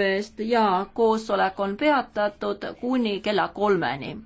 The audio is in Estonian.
eest ja koosolek on peatatud kuni kella kolmeni.